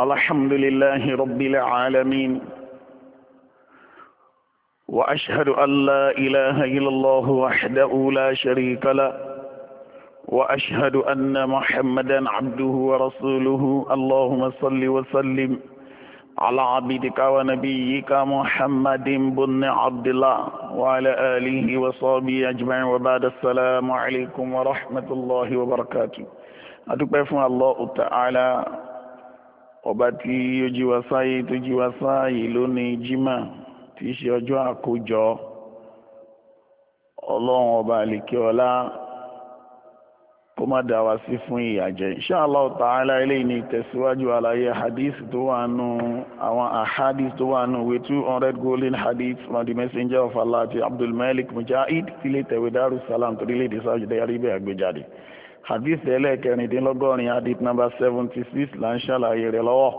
الحمد لله رب العالمين وأشهد أن لا إله إلا الله وحده لا شريك له وأشهد أن محمدا عبده ورسوله اللهم صل وسلم على عبدك ونبيك محمد بن عبد الله وعلى آله وصحبه أجمعين وبعد السلام عليكم ورحمة الله وبركاته أتوقف الله تعالى ọba tí ó jí wa sáyé tó jí wa sáyé lónìí jimá tí í ṣe ọjọ́ àkójọ ọlọ́run ọba àlèkè ọlá kó má dá wa sí fún ìyàjẹ́ inshallah ta'ala eléyìí ní ìtẹ̀síwájú àlàyé hadith tó wà nù àwọn ahadith tó wà nù with two hundred golden hadith from the messenger of allah ti abdulmalik mujahid tilé tẹ̀wé darussalam torílẹ̀-èdè sáájú dẹ́yàrí bẹ́ẹ̀ àgbéjáde hadith ẹlẹ́ẹ̀kẹrìndínlọ́gọ́rin hadith number seventy six là ń ṣàlàyé rẹ̀ lọ́wọ́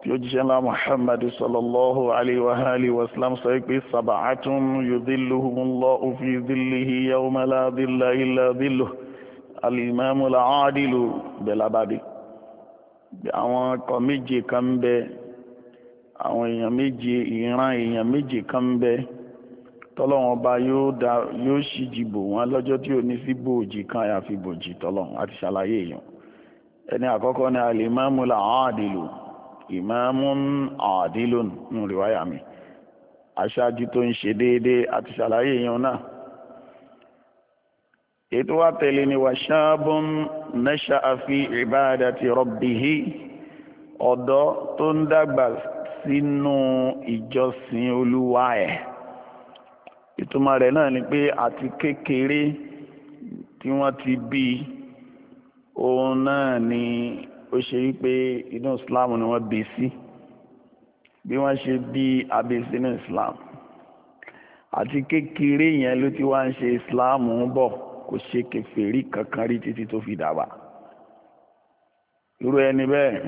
tí ó jíṣẹ́ ńlá muhammad sallallahu alayhi wa alihi wa sallam sọ pé sab'atun yudhilluhumullahu fi dhillihi yawma la dhilla illa dhilluh al-imamu al-adilu bẹ̀lábàdì àwọn ọkọ̀ méje kan bẹ àwọn èèyàn méje ìran èèyàn méje kan bẹ́ẹ̀ tọ́lọ́wọ́n bá yóò ṣì dìbò wọn lọ́jọ́ tí ò ní sí bòòjì kan àyàfi bòòjì tọ́lọ́wọ́n àti ṣàlàyé èèyàn ẹni àkọ́kọ́ ni alìmọ́mù làwọn àdìlù ìmọ́mù àdìlù nù rìwáyà mi aṣáájú tó ń ṣe déédéé àti ṣàlàyé èèyàn náà ètò wa tẹ̀lé ni wàṣáàbùn nẹ́ṣà àfi ìbáadà ti rọ̀bìhí ọ̀dọ́ tó ń dàgbà sínú ìjọsìn olúwa ẹ̀ ìtumọ̀ rẹ̀ náà ni pé àti kékeré tí wọ́n ti bí òun náà ni ó ṣe wípé inú islam ni wọ́n bí sí bí wọ́n ṣe bí abí sínú islam àti kékeré yẹn ló ti wá ń ṣe islam ń bọ̀ kò ṣe kèfèrí kankan rí títí tó fi dàgbà irú ẹni bẹ́ẹ̀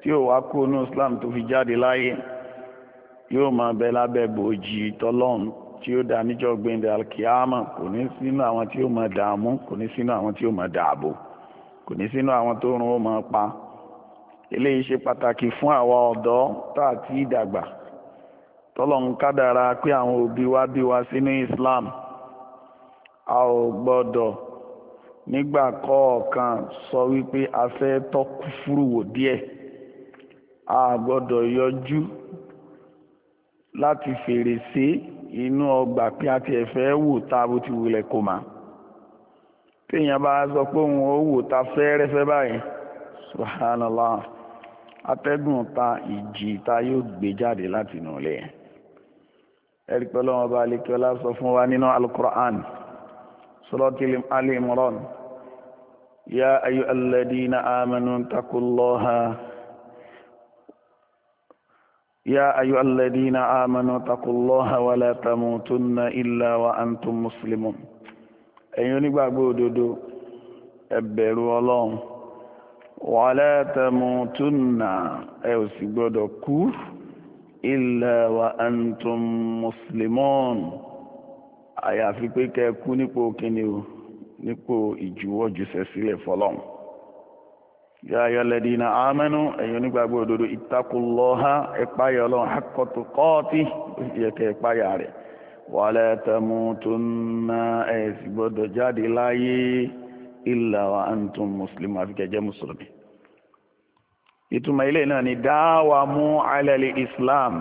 tí ò wá kó inú islam tó fi jáde láyé yóò máa bẹ lábẹ́ bòójì tọ́lọ́run tí ó dá níjọ́ gbẹ̀ndẹ̀ alkiyama kò ní sínú àwọn tí ó máa dààmú kò ní sínú àwọn tí ó máa dààbò kò ní sínú àwọn tó rún ó máa pa eléyìí ṣe pàtàkì fún àwa ọ̀dọ́ tá a ti dàgbà tọ́lọ́run kádàrá pé àwọn òbí wa bí wa sínú Islam a ò gbọ́dọ̀ nígbà kọ̀ọ̀kan sọ wípé a fẹ́ tọ́kú fúrúwò díẹ̀ a gbọ́dọ̀ yọjú láti fèrèsé inú ọgbà pé a tiẹ̀ fẹ́ wò ta bó ti wulẹ̀ kò mà téèyàn bá sọ pé òun ó wò ta fẹ́ẹ́rẹ́fẹ́ báyìí subhanallah atẹ́gùn ta ìjì ta yóò gbé jáde láti inú ilé ẹ̀rí pẹ̀lú àwọn ọba alekiola sọ fún wa nínú alukur'an suratul Ali Imran ya ayyuhalladhina amanu taqullaha. يا أيها الذين آمنوا اتقوا الله ولا تموتن إلا وأنتم مسلمون ẹ̀yin onígbàgbọ́ òdodo ẹ bẹ̀rù Ọlọ́run wala tamutunna ẹ ò sì gbọ́dọ̀ kú illa wa antum muslimun àyàfi pé kẹ́ kú nípò kíni o nípò ìjùwọ́jùsẹ̀ sílẹ̀ fọ́lọ́run ya ayyalladina amanu ẹ̀yin onígbàgbọ́ òdodo ittaqullaha ẹ̀páyà ọlọ́run haqqa tuqatih ó sì yẹ kẹ́ ẹ̀páyà rẹ̀ wala tamutunna ẹ̀ sì gbọ́dọ̀ jáde láyé illa wa antum muslimun àfikẹ́jẹ́ mùsùlùmí ìtumọ̀ ilé náà ni dáwà mú alẹ́lẹ́ islam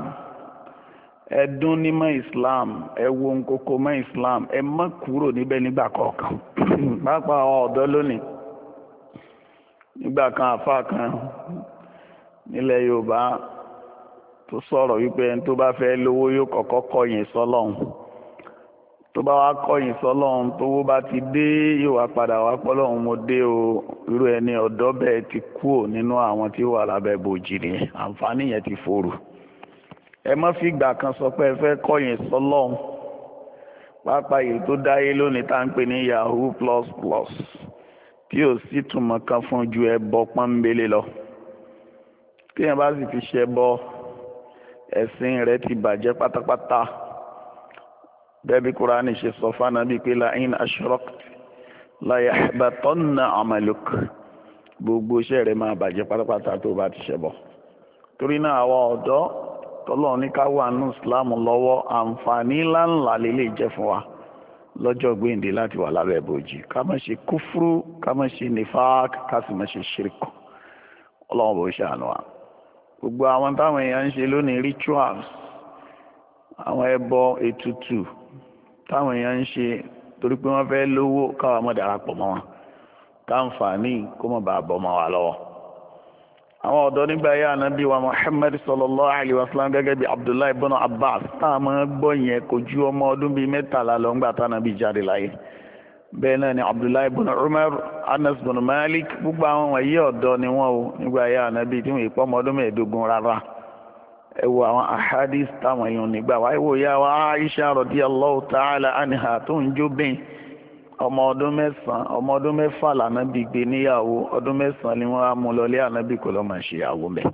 ẹdún nímọ̀ islam ẹwọ́n kókó mọ́ islam ẹ má kúrò níbẹ̀ nígbà kọ̀ọ̀kan pàápàá ọ̀dọ́ lónìí nígbà kan àfa kan nílẹ̀ yorùbá tó sọ̀rọ̀ wípé ẹni tó bá fẹ́ lówó yóò kọ́kọ́ kọ̀yìn sọ́lọ́hun tó bá wá kọ̀yìn sọ́lọ́hun tówó bá ti dé yóò wá padà wá pọ́lọ́hun mo dé o irú ẹni ọ̀dọ́ bẹ́ẹ̀ ti kú ò nínú àwọn tí wà lábẹ́ bòjì ni àǹfààní yẹn ti fòrò ẹ má fi ìgbà kan sọ pé ẹ fẹ́ kọ̀yìn sọ́lọ́hun pápá yìí tó dáyé lónìí tá à ń pè ní yahoo plus plus tí ò sí túmọ̀ kan fún ju ẹbọ pọ́nbélé lọ téèyàn bá sì fi ṣẹbọ ẹ̀sìn rẹ̀ ti bàjẹ́ pátápátá bẹ́ẹ̀bí kúránì ṣe sọ fánà bíi pé láyín aṣọ́rọ́k láyé àbátọ́nà àmàlùk gbogbo iṣẹ́ rẹ̀ máa bàjẹ́ pátápátá tó bá ti ṣẹbọ torí náà àwa ọ̀dọ́ tọ́lọ́ ní ká wà nù Islam lọ́wọ́ àǹfààní ńláńlá lè lè jẹ́ fún wa lọ́jọ́ gbéǹde láti wà lábẹ́ bòjì ká má ṣe kúfúrú ká má ṣe nifak ká sì má ṣe ṣírkù ọlọ́run bò ṣàánú wa gbogbo àwọn táwọn èèyàn ń ṣe lónìí rituals àwọn ẹbọ ètùtù táwọn èèyàn ń ṣe torí pé wọ́n fẹ́ lówó káwọn mọ̀ darapọ̀ mọ́ wọn káǹfààní kó mọ̀ bá bọ́ mọ́ wa lọ́wọ́ àwọn ọ̀dọ́ nígbà yá ànábì wa Muhammad sallallahu alayhi wa sallam gẹ́gẹ́ bí Abdullahi ibn Abbas tá a máa gbọ́ yẹn kò ju ọmọ ọdún bíi mẹ́tàlá lọ ńgbà tá ànábì jáde láyé bẹ́ẹ̀ náà ni Abdullahi ibn Umar Anas ibn Malik gbogbo àwọn wọ̀nyí ọ̀dọ́ ni wọ́n o nígbà yá ànábì tí wọ́n yìí pọ́ ọmọ ọdún mẹ́ẹ̀ẹ́dógún rárá ẹ wo àwọn ahadis táwọn èèyàn nígbà wa ẹ wo wa Aisha radiyallahu ta'ala ọmọ ọdún mẹ́sàn-án ọmọ ọdún mẹ́fà lànàbí gbé níyàwó ọdún mẹ́sàn-án ni wọ́n á mú lọlé ànàbí kò lọ́ọ́ máa ṣe ìyàwó mẹ́.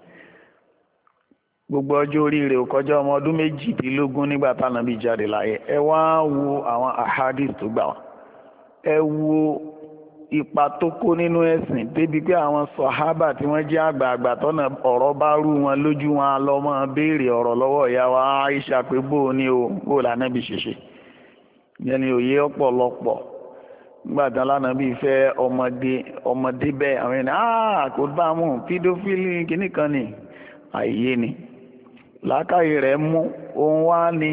gbogbo ọjọ́ orí rẹ̀ ò kọjá ọmọ ọdún méjìdínlógún nígbà tànàbí jáde láyé ẹ wá wo àwọn ahadis tó gbà wá ẹ wo ipa tó kó nínú ẹ̀sìn débi pé àwọn sọ̀hábà tí wọ́n jẹ́ àgbààgbà tọ́nà ọ̀rọ̀ bá rú wọn lójú wọn a lọ béèrè ọ̀rọ̀ lọ́wọ́ ìyá wa Aisha pé bóò ni o bóò lànàbí ṣèṣe yẹn ni òye ọ̀pọ̀lọpọ̀ gbàtà lana bíi fẹ́ ọmọdé ọmọdé bẹ́ẹ̀ àwọn ni ah kò pídófílì kìíní kan ni àìyé ni làákàyè rẹ̀ mú òun wá ní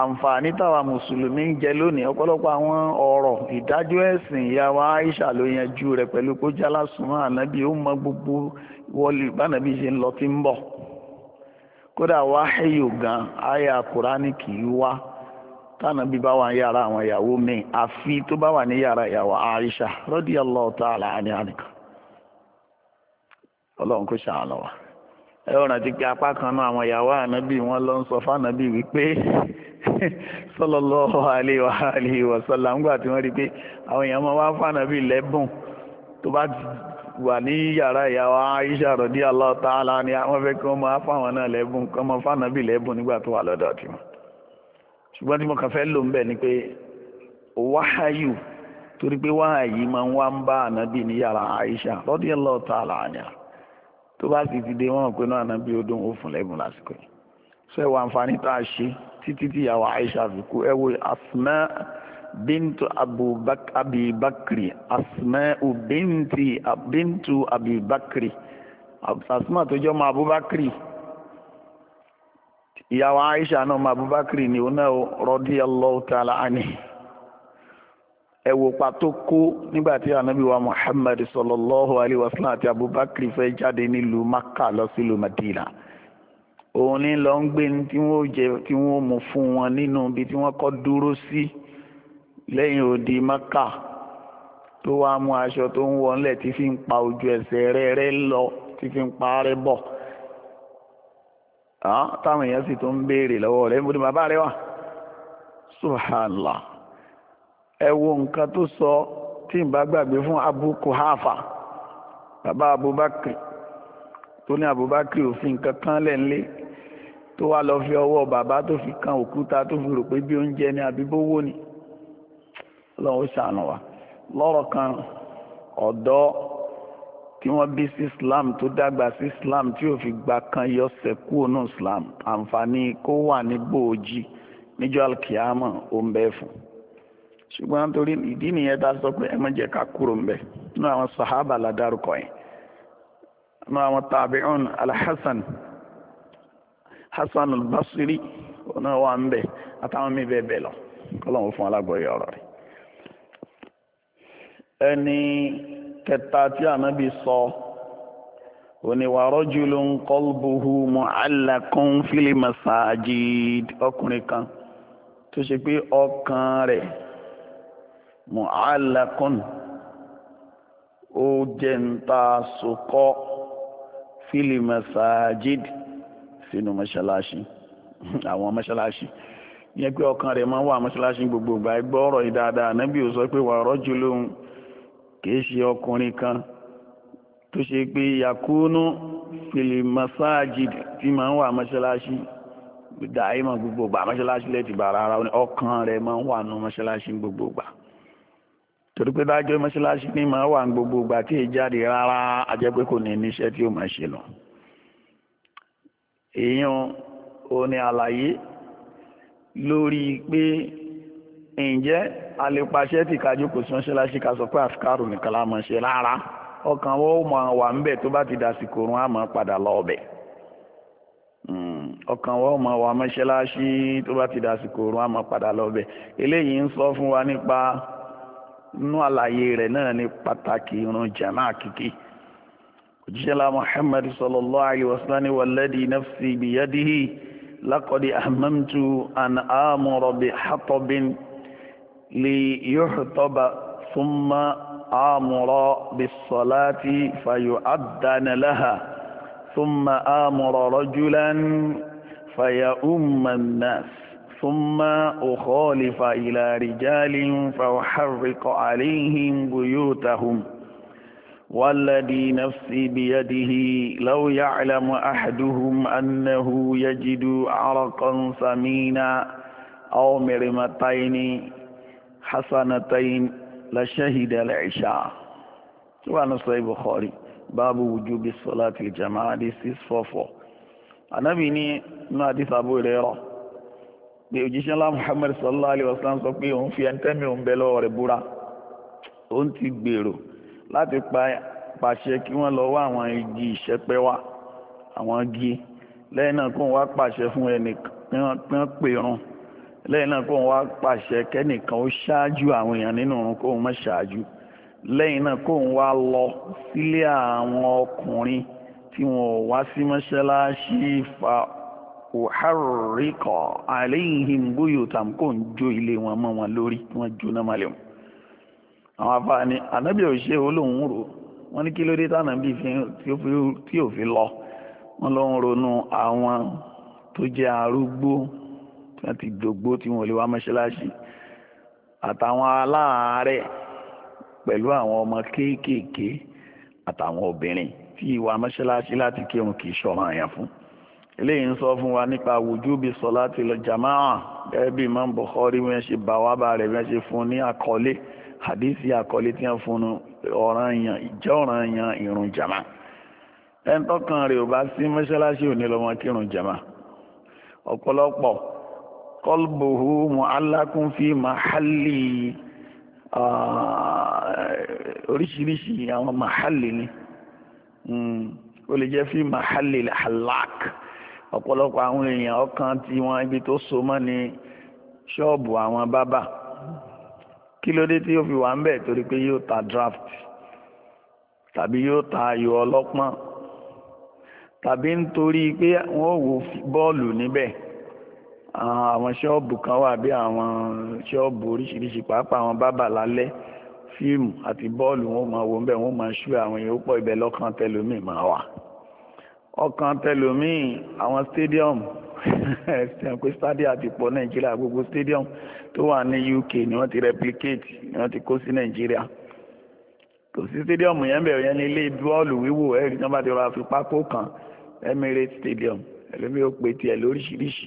àǹfààní táwa mùsùlùmí ń jẹ lónìí ọ̀pọ̀lọpọ̀ àwọn Aisha ló yanjú rẹ pẹ̀lú kó jálá ànábì ó mọ gbogbo wọlé bánàbí ṣe ń lọ ń kódà aya tánàbí bá wà ní yàrá àwọn ìyàwó mi àfi tó bá wà ní yàrá ìyàwó Aisha radiyallahu ta'ala anha ọlọ́run kò ṣàánú wa ẹ ọ̀ràn ti pé apá kan náà àwọn ìyàwó ànábì wọn lọ ń sọ fànábì wípé sallallahu alaihi wa alihi wa sallam ńgbà tí wọ́n rí i pé àwọn èèyàn máa wá fànábì lẹ́bùn tó bá wà ní yàrá ìyàwó Aisha radiyallahu ta'ala ni àwọn fẹ́ kí wọ́n máa fáwọn náà lẹ́bùn kí máa fànábì lẹ́bùn nígbà tó wà lọ́dọ̀ tiwọn. ṣùgbọ́n tí mo kàn fẹ́ lò ń bẹ̀ ni pé wáhàyù torí pé wáhàyí máa ń wá ń bá ànábì ní yàrá Àìṣà radiyallahu ta'ala anha tó bá sì ti dé pé náà ànábì ó dùn ó fún lásìkò yìí sọ ẹ̀wọ̀ àǹfààní tá a ṣe títí tí yàrá Àìṣà fi kú ẹ wo Asma bintu binti bintu ìyàwó aisha náà ma abubakari ni òun náà radiyallahu ta'ala anhi ẹ wò pàtó kó nígbà tí anabi wa muhammad sallallahu alayhi wa sallam àti abubakari fẹ́ jáde nílùú Maka lọ sílùú madina òun ní lọ ń gbé tí wọ́n jẹ tí wọ́n mú fún wọn nínú ibi tí wọ́n kọ́ dúró sí lẹ́yìn òdi Maka, tó wàá mú aṣọ tó ń wọlé tí fi ń pa ojú ẹsẹ̀ rẹ̀ rẹ̀ lọ tí fi ń pa rẹ̀ bọ̀ Ah, táwọn èèyàn sì tó ń béèrè lọ́wọ́ rẹ̀ níbo ni bàbá rẹ̀ wà subhanallah ẹ wo nǹkan tó sọ tí n bá gbàgbé fún Abu Kuhafa bàbá Abubakar tó ní Abubakar òfin kankan lẹ́ńlé tó wá lọ fi ọwọ́ bàbá tó fi kan òkúta tó fi rò pé bí oúnjẹ ni àbí bówó ni ọlọ́run ṣàánú wa lọ́rọ̀ kan ọ̀dọ́ tí wọ́n bí sí islam tó dàgbà sí islam tí ò fi gba kan yọsẹ̀ kúrò ní islam àǹfààní kó wà ní gbòòjì níjọ́ alkiyama ó ń bẹ fún ṣùgbọ́n nítorí ìdí nìyẹn tá a sọ pé ẹ má jẹ́ ká kúrò ń bẹ̀ nínú àwọn sahaba aládàrúkọ yẹn nínú àwọn tabi'un alhassan hassan albasiri ọ̀nà wa ń bẹ̀ àtàwọn mi bẹ́ẹ̀ bẹ́ẹ̀ lọ kọ́lọ́mù fún alágbọ̀ọ́yọ̀ ọ̀rọ̀ rẹ̀ ẹni kẹta tí ànábì sọ oníwà rajulun qalbuhu mu'allaqun fil masajid ọkùnrin kan tó ṣe pé ọkàn rẹ̀ mu'allaqun ó jẹ́ ń ta sokọ́ fil masajid sínú mọ́ṣáláṣí àwọn mọ́ṣáláṣí yẹn pé ọkàn rẹ̀ máa ń wà mọ́ṣáláṣí gbogbo ìgbà ọ̀rọ̀ yìí dáadáa ànábì ò sọ pé wà rajulun kìí ṣe ọkùnrin kan tó ṣe pé yakunu fìlì masajid tí máa ń wà mọ́ṣáláṣí dàí mọ̀ gbogbo gbà mọ́ṣáláṣí lẹ́tì bàrà ara ọkàn rẹ̀ máa ń wà nù mọ́ṣáláṣí gbogbo gbà torí pé dájọ́ mọ́ṣáláṣí ní máa wà gbogbo gbà tí èyí jáde rárá ajẹ́ pé kò ní níṣẹ́ tí ó máa ṣe lọ. èèyàn ò ní àlàyé lórí pé ǹjẹ́ a lè pàṣẹ tí kájú kò sún ṣẹláṣí ká sọ pé àfikàrò nìkan la mọ̀ ṣe rárá ọkàn wọn ó máa wà ńbẹ̀ tó bá ti dàsìkò rún àmọ́ padà lọ ọbẹ̀ hmm, ọkàn wọn ó máa wà mọ́ṣẹ́láṣí tó bá ti dàsìkò rún àmọ́ padà lọ ọbẹ̀ eléyìí ń sọ fún wa nípa nínú àlàyé rẹ̀ náà ní pàtàkì irun jàmáà kìkì òjíṣẹ́ la Muhammad sallallahu alayhi wa sallam walladhi nafsi biyadihi laqad ahmamtu an amura bi ليحطب ثم آمر بالصلاة فيؤذن لها ثم آمر رجلا فيؤم الناس ثم أخالف إلى رجال فأحرق عليهم بيوتهم والذي نفسي بيده لو يعلم أحدهم أنه يجد عرقا سمينا أو مرمتين hasanatayn la shahida al-isha tí wàá nù sọ Bukhari báàbù wujubi salati jama'a di six four four anabi ní inú àdìsá bó rẹ rọ pé òjíṣẹ́ ńlá Muhammad sallallahu alayhi wa sallam sọ pé òun fi ẹntẹ́mi òun bẹ lọ́wọ́ rẹ̀ búra òun ti gbèrò láti pa pàṣẹ kí wọ́n lọ wá àwọn igi ìṣẹ́pẹ́ wá àwọn igi lẹ́yìn náà kóun wá pàṣẹ fún ẹnìkan pé wọ́n pè run lẹ́yìn náà kóun wá pàṣẹ kẹ́nìkan ó ṣáájú àwọn èèyàn nínú òun kóun má ṣáájú lẹ́yìn náà kóun wá lọ sílé àwọn ọkùnrin tí wọn ò wá sí mọ́ṣáláṣí fa òhárìkọ̀ àlẹ́yìn bóyò tàm kóun jó ilé wọn mọ́ wọn lórí wọn jóná malẹ̀ wọn. àwọn afáàní ànábì òṣè olóhùn rò wọn ní kí ló dé tànàbí tí ò fi lọ wọn ló ronú àwọn tó jẹ́ arúgbó wọ́n ti dògbó tí wọ́n lè wá mọ́ṣáláṣí àtàwọn aláàárẹ̀ pẹ̀lú àwọn ọmọ kéékèèké àtàwọn obìnrin tí ìwà mọ́ṣáláṣí láti kírun kì í ṣọ̀ràn àyàn fún eléyìí ń sọ fún wa nípa wujubi salatil jamaa gẹ́gẹ́ bí Imam Bukhari wọ́n ṣe bá wá bá rẹ̀ wọ́n ṣe fún ní àkọlé hadisi àkọlé tí wọ́n fún ọ̀ràn yàn ìjẹ́ ọ̀ràn yàn ìrun jama ẹ̀ńtọ́kàn rẹ̀ ò bá sí mọ́ṣáláṣí ò ní lọ́mọ kírun jama ọ̀pọ̀lọpọ̀ qalbuhu mu'allakun fi mahalli ah, orishirishi àwọn mahalli ni o le je fi mahalli halak ọ̀pọ̀lọpọ̀ àwọn eyan ọkàn tí wọ́n ibi tó so ma ni ṣọ́ọ̀bù àwọn bábà kí ti o fi wa ń bẹ̀ torí pé ta draft tàbí yóò ta ayò tabi tàbí nítorí pé wọ́n ò wo bọ́ọ̀lù níbẹ̀ àwọn ṣọ́ọ̀bù kan wà bí àwọn ṣọ́ọ̀bù oríṣiríṣi pàápàá àwọn bábà lálẹ́ fíìmù àti bọ́ọ̀lù wọn máa wo bẹ́ẹ̀ wọ́n máa ṣú àwọn èèyàn pọ̀ ibẹ̀ lọ́kàn tẹlómi máa wà ọkàn tẹlómi àwọn stadium ẹ̀sìn pé stadium àti pọ̀ nàìjíríà gbogbo stadium tó wà ní UK ni wọ́n ti replicate ni wọ́n ti kó sí nàìjíríà kò sí stadium yẹn bẹ̀rẹ̀ yẹn ní ilé bọ́ọ̀lù wíwò ẹ̀rí tí wọ́n bá ti rọra fi pákó kan Emirates Stadium ẹlòmíì ó pe tiẹ̀ lóríṣiríṣi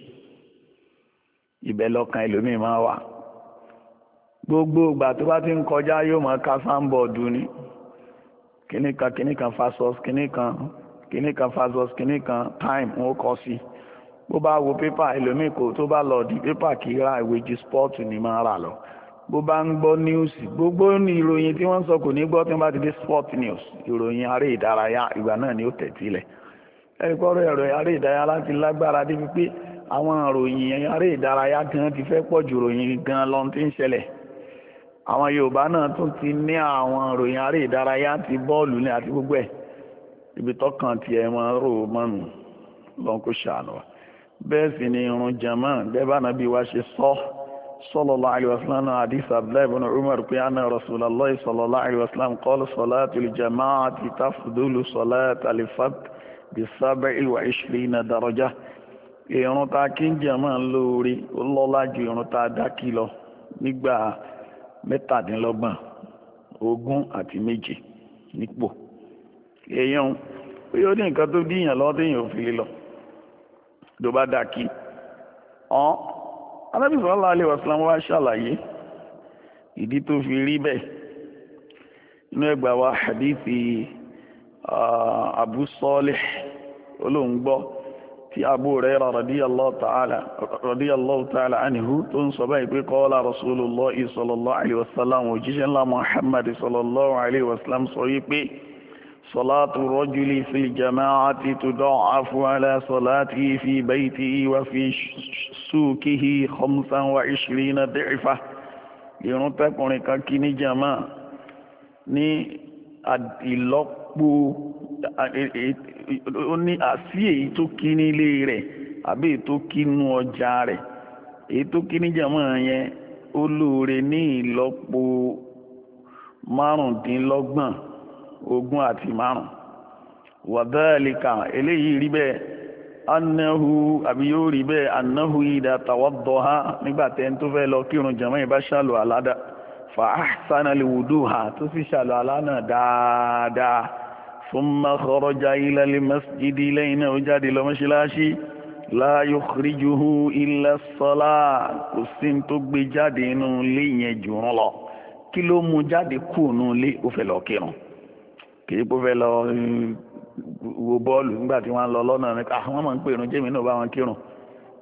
ibẹ̀ lọ́kàn ẹlòmíì máa wà gbogbo ìgbà tó bá ti ń kọjá yóò máa ká sáńbọ̀ọ̀dù ni kíní kan fasos kíní kan fasos kíní time ń kọ sí bó bá wo pépà ẹlòmíì kò tó bá lọ di pépà kì í ra ìwé ju spọ́ọ̀tù ni máa rà lọ bó bá ń gbọ́ níwùsì gbogbo ní ìròyìn tí wọ́n ń sọ kò ní gbọ́ tí wọ́n bá ti dé sport news ìròyìn aré ìdárayá ìgbà náà ni ó tẹ̀sílẹ̀ ẹ̀rí pọ́ọ́rọ́ ẹ̀rọ aré ìdárayá láti lágbára débi pé àwọn ìròyìn eré ìdárayá gan ti fẹ́ pọ̀ ju ìròyìn gan lọ tí ń ṣẹlẹ̀ àwọn Yorùbá náà tún ti ní àwọn ìròyìn eré ìdárayá ti bọ́ọ̀lù ní àti gbogbo ẹ̀ ibi tọ́kàn tiẹ̀ mọ́ rò mọ́nu lọ́n kó ṣàánú wa bẹ́ẹ̀ sì ni irun jama gẹ́gẹ́ bá nàbí wa ṣe sọ sallallahu alaihi wasallam hadith abdullahi ibn umar pé anna rasulullah sallallahu alaihi wasallam qala salatul jama'ati tafdulu salatal fard bi sab'i wa ishrina darajah ìrun ta kí ń jẹ́ máa ń lo ó lọ́lá ju ìrun ta dákì lọ nígbà mẹ́tàdínlọ́gbọ̀n ogún àti méje nípò èèyàn pé ó ní nǹkan tó díyàn lọ́wọ́ téèyàn ò fi lè lọ tó bá dákì ọ́n Ànábì sallallahu alaihi wá ṣàlàyé ìdí tó fi rí bẹ́ẹ̀ inú ẹgbàá wa hadithi ah, Abu Salih olóhùn gbọ́ tí Abu Hurairah radiyallahu ta'ala anhu tó ń sọ báyìí pé qala Rasulullah sallallahu alayhi wa sallam òjíṣẹ́ ńlá Muhammad sallallahu alayhi wa sallam sọ yí pé salatu rajuli fil jama'ati tuda'afu ala salatihi fi baytihi wa fi suqihi khamsan wa ishrina di'fa ìrún tẹ́kùnrin kan kí ní jama ní ìlọ́pọ̀ àpò ó e, e, ní àsí èyí tó kí nílé rẹ̀ àbí èyí tó kí nú ọjà rẹ̀ èyí tó kí níjàmọ́ yẹn ó lóore ní ìlọ́po márùndínlọ́gbọ̀n ogún àti márùn wàdálíkà eléyìí rí bẹ́ẹ̀ anahu àbí yóò rí bẹ́ẹ̀ anahu ìdá tawaddaha nígbà tẹ́ ń tó fẹ́ lọ kírun jàmọ́ ìbá ṣàlù àládà fa ahsana liwuduha tó sì ṣàlù àlá náà dáadáa ثم خرج إلى المسجد لين وجاد لمشلاشي لا يخرجه إلا الصلاة قسم تقبي جادين لين يجون الله كيلو مجاد كونو لي أفلو كيرون kìí kó fẹ́ lọ hm, wo bọ́ọ̀lù nígbà tí wọ́n lọ lọ́nà rẹ̀ àwọn ah, máa ń pè irun jẹ́mi náà bá wọn kírun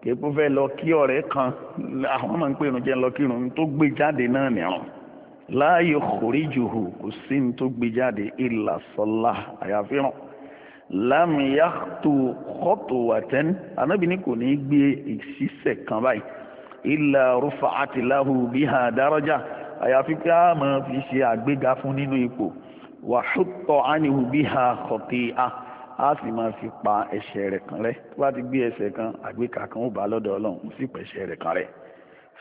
kìí kó fẹ́ lọ kí ọ̀rẹ́ kan àwọn ah, máa ń pè irun jẹ́ lọ kírun tó gbé jáde náà nìrùn láàyè kòríjùhù kò sí ní tó gbé jáde ìlà sọlá àyàfi ràn lámìyá tó kọ́tò wàtẹ́ni anábì ní kò ní gbé ìṣiṣẹ́ kan báyìí ìlà rúfa àti láhù bí hà dárọ́jà àyàfi pé a máa fi ṣe àgbéga fún nínú ipò wàhútọ̀ ánìhù bí hà kọ̀tì a a sì máa fi pa ẹ̀ṣẹ̀ rẹ̀ kan rẹ́ tó bá ti gbé ẹ̀ṣẹ̀ kan àgbéka kan ó bá lọ́dọ̀ ọlọ́run ó sì pẹ̀ṣẹ̀ rẹ̀ kan rẹ́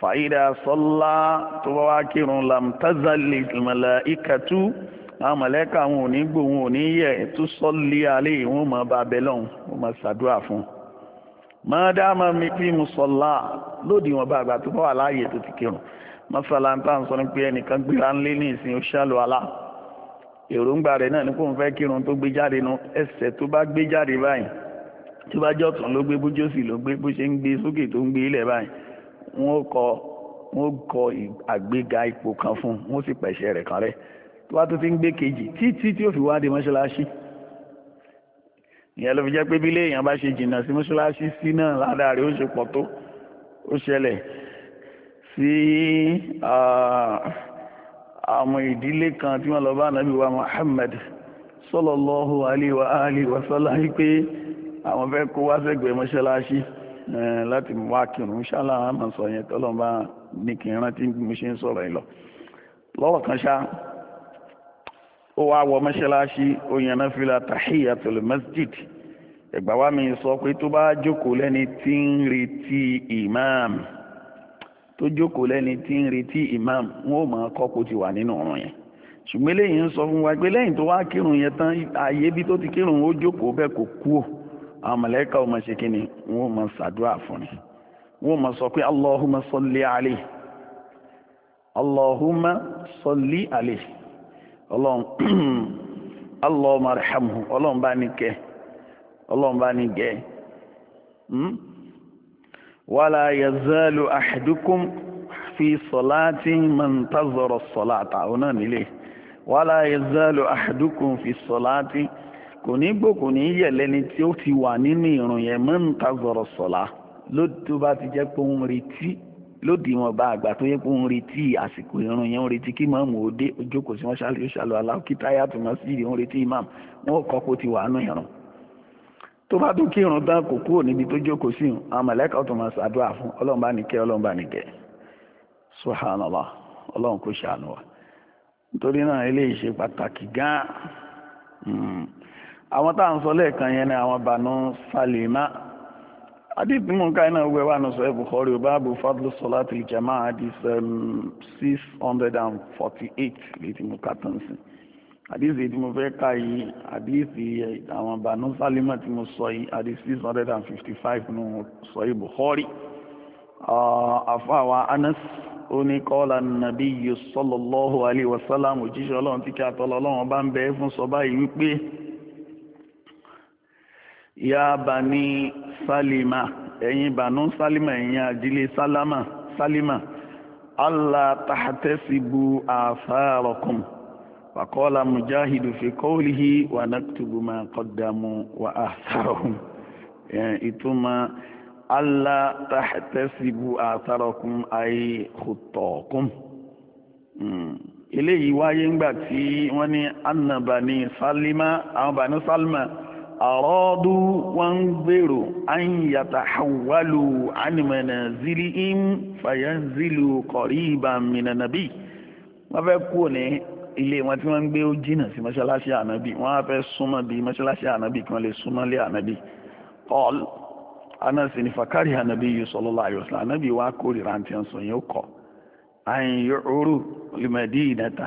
fàyídà sọ́lá tó bá wá kírun lamtazali malaikatu àwọn mọ̀lẹ́kà wọn ò ní gbòhun ò ní yẹ tó sọ́lé alẹ́ ìwọ̀n mọ̀ bá abẹ́ lọ́hùn ó máa ṣàdúrà fún un mọ́dáàmà mi fi musọ́lá lódì wọn bá àgbà tó bá wà láàyè tó ti kírun mọ́sálà ń tàn sọ pé ẹnìkan gbéra ńlé ní ìsìn oṣàlù alá èròǹgbà rẹ̀ náà ni kò ń fẹ́ kírun tó gbé jáde nu ẹsẹ̀ tó bá gbé jáde báyìí tó bá jọ̀tún ló gbé bójósì ló gbé bó ṣe ń gbé sókè tó ń gbé ilẹ̀ báyìí wọ́n kọ wọ́n kọ àgbéga ipò kan fún wọ́n sì pẹ̀ṣẹ̀ rẹ̀ kan rẹ̀ tó wá tó ti ń gbé kejì títí tí ó fi wá dé mọ́ṣáláṣí ìyẹn ló fi jẹ́ pé bí léèyàn bá ṣe jìnnà sí mọ́ṣáláṣí sí náà ládàá rẹ̀ ó ṣe pọ̀ tó ó ṣẹlẹ̀ sí àwọn ìdílé kan tí wọ́n lọ bá nàbí wa Muhammad sallallahu alaihi wa alihi wa sallam wípé àwọn fẹ́ kó wá sẹ́gbẹ̀ẹ́ mọ́ṣáláṣí láti wá kírun ṣálá àmọ́ sọ yẹn ní kí n rántí mo ṣe ń sọ̀rọ̀ lọ lọ́rọ̀ kan ṣá ó wá wọ mọ́ṣáláṣí ó yan náfìlà tahiyatul masjid ẹ̀gbà wa mi sọ pé tó bá jókòó lẹ́ni tí ń retí imam tó jókòó lẹ́ni tí ń retí imam wọn ò máa kọ́ kó ti wà nínú ọ̀run yẹn ṣùgbọ́n eléyìí ń sọ fún wa pé lẹ́yìn tó wá kírun yẹn tán ààyè ibi tó ti kírun ó jókòó bẹ́ẹ̀ kò àwọn màláíkà ò máa ṣe kí ni wọ́n máa ṣàdúrà fún ni wọ́n máa sọ pé allahumma salli alayhi allahumma salli alayhi ọlọ́run allahumma arhamhu ọlọ́run bá ní kẹ́ ọlọ́run bá ní gẹ́ hmm? yazalu ahadukum fi salati man tazara ọ̀nà nílé wala yazalu ahadukum fi salati man kò ní gbò kò ní yẹ̀ lẹ́ni tí ó ti wà nínú ìrun yẹn mọ́ ń ta zọ̀rọ̀ sọ̀la ló tó bá ti jẹ́ pé ó ń retí ló dì wọn bá àgbà tó yẹ pé ó retí àsìkò ìrun yẹn ń retí kí mọ́mù ó dé ojókòó sí wọn ṣáà lè ṣàlọ́ aláwọ̀kí táyà tó máa sí ìdí ń retí imam wọn ò kọ́ kó ti wà nínú ìrun tó bá tún kírun tán kò kúrò níbi tó jókòó sí ìrun àwọn mọ̀lẹ́kà tó máa ṣàdúrà fún ọlọ́run bá nìkẹ́ àwọn tá à ń sọ lẹ́ẹ̀kan yẹn ni àwọn bànú salima hadith mú ká iná wẹ̀ wà nùsọ̀ Bukhari báàbù fadlu salati al-jama'a hadith um, six hundred and forty eight létí mú ká tán sí hadith èyí tí mo fẹ́ ká yìí hadith àwọn bànú salima tí mo sọ yìí hadith six hundred and fifty five nù sọ Bukhari ah, àfàwà Anas oníkọ́lá nàbí yìí sallallahu alaihi wasallam òjíṣẹ́ ọlọ́run tí kí atọ́lọ́ ọlọ́run bá ń bẹ fún sọ báyìí wípé ya bani salima ẹ̀yin banu salima ẹ̀yin àdílé salama salima allah tahtasibu afarakum wàkọ́lá mujahidu fi kọ́wìlìhì wà nàktubu ma qaddamu wa atharahum ìtumọ̀ allah tahtasibu afarakum ay khutakum hmm. eléyìí wáyé ńgbà tí wọ́n ní annabani salima àwọn banu salima àrọ́dú wọ́n ń gbèrò an yatahawwalu an manazilihim fayanzilu qariban minan nabi wọ́n fẹ́ kúrò ní ilé wọn tí wọ́n ń gbé ó jìnà sí mọ́ṣáláṣí ànábì wọ́n á fẹ́ súnmọ́ bí mọ́ṣáláṣí ànábì kan lè súnmọ́ lé ànábì all anasi ni fakari ànábì yìí sallallahu alaihi wasallam ànábì wa kórìíra àti ẹ̀sùn yìí ó kọ̀ àyìn yòórù lùmẹ̀dí ìdẹ́ta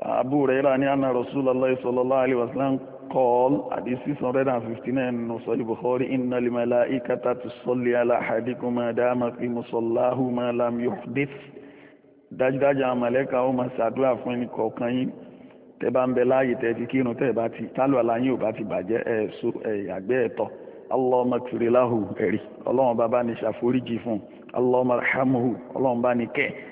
Abu Hurairah ní anna Rasulullah sallallahu alaihi wasallam qala hadith 659 nínú sọ́lì Bukhari innal malaikata tusalli ala ahadikum ma dama fi musallahu ma lam yuhdith dájúdájú àwọn mọ̀lẹ́ka ó máa ṣàdúrà fún ẹni kọ̀ọ̀kan yín tẹ́ bá ń bẹ láàyè tẹ́ ti kírun tẹ́ bá ti tálù aláyín ò bá ti bàjẹ́ ẹ̀ so ẹ̀ àgbẹ̀ ẹ̀tọ́ allahumma kirilahu ẹ̀rí ọlọ́run bàbá ní ṣàforíjì fún allahumma rahamuhu ọlọ́run bá ní kẹ́ẹ̀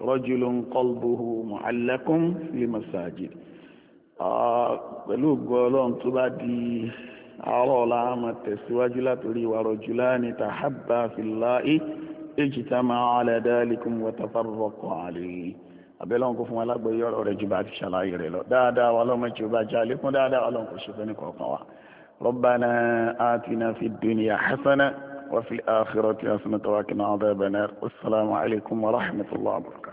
rajulun qalbuhu mu'allakun fil masajid pẹ̀lú ògbọ́ ọlọ́run tó bá di àárọ̀ ọ̀la a máa tẹ̀síwájú látòrí wa rajulani tahabba fillahi ijtama ala dalikum wa tafarraqa alayhi àbẹ́lọ́n kó fún wa lágbẹ̀ẹ́ ọ̀rọ̀ rẹ̀ jù bá ti ṣàlàyé rẹ̀ lọ dáadáa wa وفي الآخرة حسنة وقنا عذاب النار والسلام عليكم ورحمة الله وبركاته